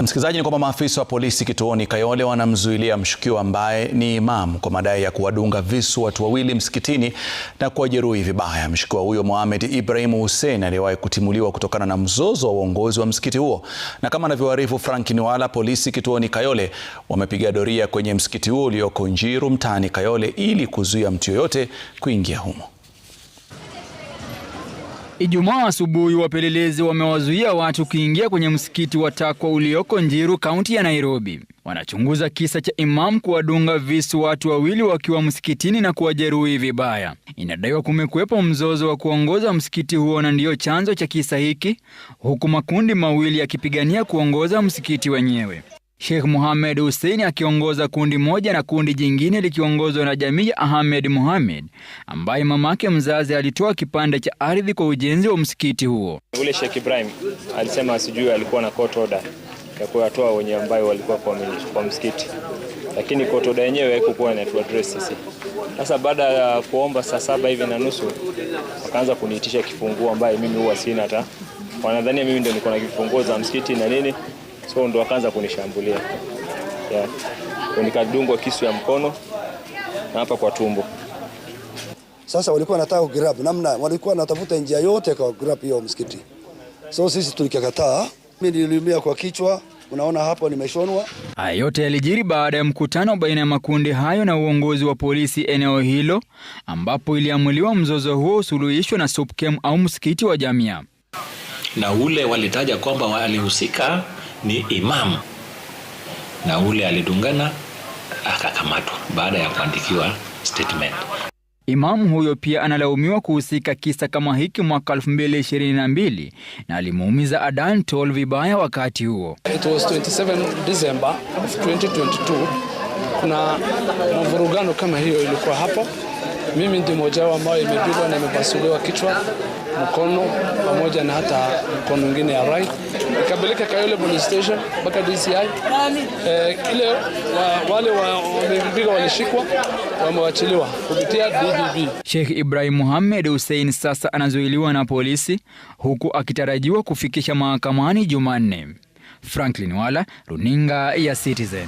Msikilizaji, ni kwamba maafisa wa polisi kituoni Kayole wanamzuilia mshukiwa ambaye ni imam kwa madai ya kuwadunga visu watu wawili msikitini na kuwajeruhi vibaya. Mshukiwa huyo Mohamed Ibrahim Hussein aliyewahi kutimuliwa kutokana na mzozo wa uongozi wa msikiti huo, na kama anavyoarifu Frank Niwala, polisi kituoni Kayole wamepiga doria kwenye msikiti huo ulioko Njiru mtaani Kayole ili kuzuia mtu yoyote kuingia humo. Ijumaa asubuhi wapelelezi wamewazuia watu kuingia kwenye msikiti wa Takwa ulioko Njiru, kaunti ya Nairobi. Wanachunguza kisa cha imam kuwadunga visu watu wawili wakiwa msikitini na kuwajeruhi vibaya. Inadaiwa kumekuwepo mzozo wa kuongoza msikiti huo na ndiyo chanzo cha kisa hiki, huku makundi mawili yakipigania kuongoza msikiti wenyewe. Sheikh Mohamed Hussein akiongoza kundi moja na kundi jingine likiongozwa na jamii Ahmed Mohamed ambaye mamake mzazi alitoa kipande cha ardhi kwa ujenzi wa msikiti huo. Yule Sheikh Ibrahim alisema sijui alikuwa na court order ya kuwatoa wenye ambayo walikuwa kwa, kwa msikiti, lakini court order yenyewe haikuwa inatu address sisi. Sasa baada ya kuomba saa saba hivi na nusu wakaanza kuniitisha kifunguo ambaye mimi huwa sina hata, wanadhania mimi ndio niko na kifunguo za msikiti na nini so ndo akaanza kunishambulia yeah. Nikadungwa kisu ya mkono na hapa kwa tumbo. Sasa walikuwa wanataka kugrab namna, walikuwa wanatafuta njia yote kwa grab hiyo msikiti, so sisi tulikakataa. Mimi niliumia kwa kichwa, unaona hapo nimeshonwa. Haya yote yalijiri baada ya mkutano baina ya makundi hayo na uongozi wa polisi eneo hilo, ambapo iliamuliwa mzozo huo usuluhishwe na SUPKEM au msikiti wa Jamia, na ule walitaja kwamba walihusika ni imamu, na ule alidungana akakamatwa baada ya kuandikiwa statement. Imamu huyo pia analaumiwa kuhusika kisa kama hiki mwaka 2022 na alimuumiza Adan Toll vibaya wakati huo. It was 27 December of 2022. Kuna mavurugano kama hiyo ilikuwa hapo mimi ndi mmoja wao ambao imepigwa na imepasuliwa kichwa, mkono pamoja na hata mkono mwingine ya right. Ikapeleka Kayole police station mpaka DCI. Eh, ile wa, wale wamepigwa walishikwa wamewachiliwa kupitia DPP. Sheikh Ibrahim Muhammad Hussein sasa anazuiliwa na polisi huku akitarajiwa kufikisha mahakamani Jumanne. Franklin Wala, Runinga ya Citizen.